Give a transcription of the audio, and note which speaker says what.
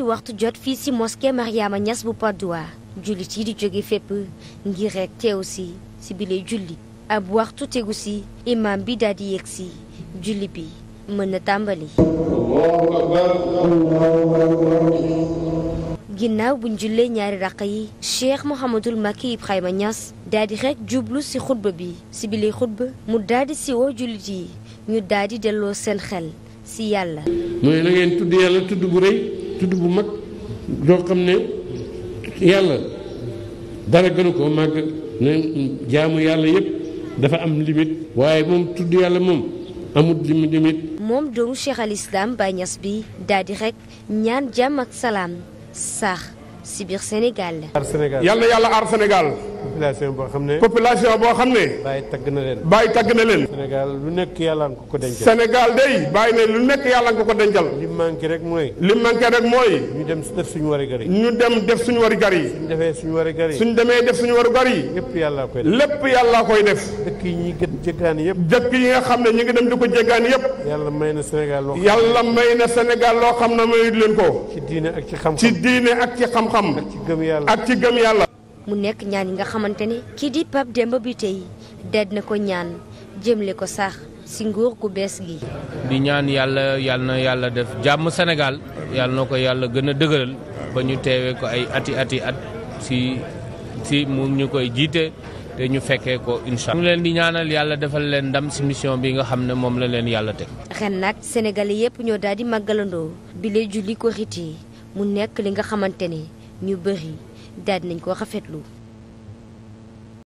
Speaker 1: ci waxtu jot fii ci mosquée Mariama Niass bu Patte d'Oie jullit yi di jóge fépp ngir rekk teew si ci bile julli ab waxtu tegu si imaam bi daldi yég yegg si julli bi mën na tàmbali. ginnaaw buñ jullee ñaari raq yi cheikh Mouhamadul Makki Ibrahima Niass daal di rekk jublu ci xutba bi ci bile xutba mu daldi di si woo jullit yi ñu daal di delloo seen xel ci yàlla.
Speaker 2: mooy na tudd yàlla tudd bu rëy. tudd bu mag doo xam ne yàlla dara gënu ko màgg ne jaamu yàlla yëpp dafa am limite waaye moom tudd yàlla moom
Speaker 3: amul limite.
Speaker 1: moom doomu Cheikh al Islam bi daal di rek ñaan jàmm ak salaam sax si biir Sénégal.
Speaker 3: yàlla yàlla aar Sénégal. population boo xam ne. population boo xam ne. bàyyi tagg na leen. bàyyi tagg na leen. Sénégal lu ko ko dencal. ko dencal. li manqué rek mooy. li ñu dem def suñu wari gar yi. ñu dem def suñu wari gar yi. suñ defee suñu wari gar yi. suñ demee koy def lépp yàlla yëpp. dëkk yi nga xam ne ñu ngi dem di ko jéggaani yëpp. yàlla may may na Sénégal loo xam ne mayut leen ko. ci diine ak ci xam-xam ci diine ak ci xam-xam. ak ci gëm yàlla ak ci gëm yàlla
Speaker 1: mu nekk ñaan yi nga xamante ne kii di Pape bi Bitèye ded na ko ñaan jëmle ko sax si ngóor gu bees gi.
Speaker 4: di ñaan yàlla yàlla na yàlla def jàmm Sénégal yàlla na ko yàlla gën a dëgëral ba ñu teewee ko ay ati ati at si si mu ñu koy jiite te ñu fekkee ko incha allah. leen di ñaanal yàlla defal leen ndam si mission bi nga xam ne moom la leen yàlla teg.
Speaker 1: ren nag Sénégalais yëpp ñoo daal di màggalandoo. bile julli korité mu nekk li nga xamante ne ñu bëri. daal na nañ ko rafetlu.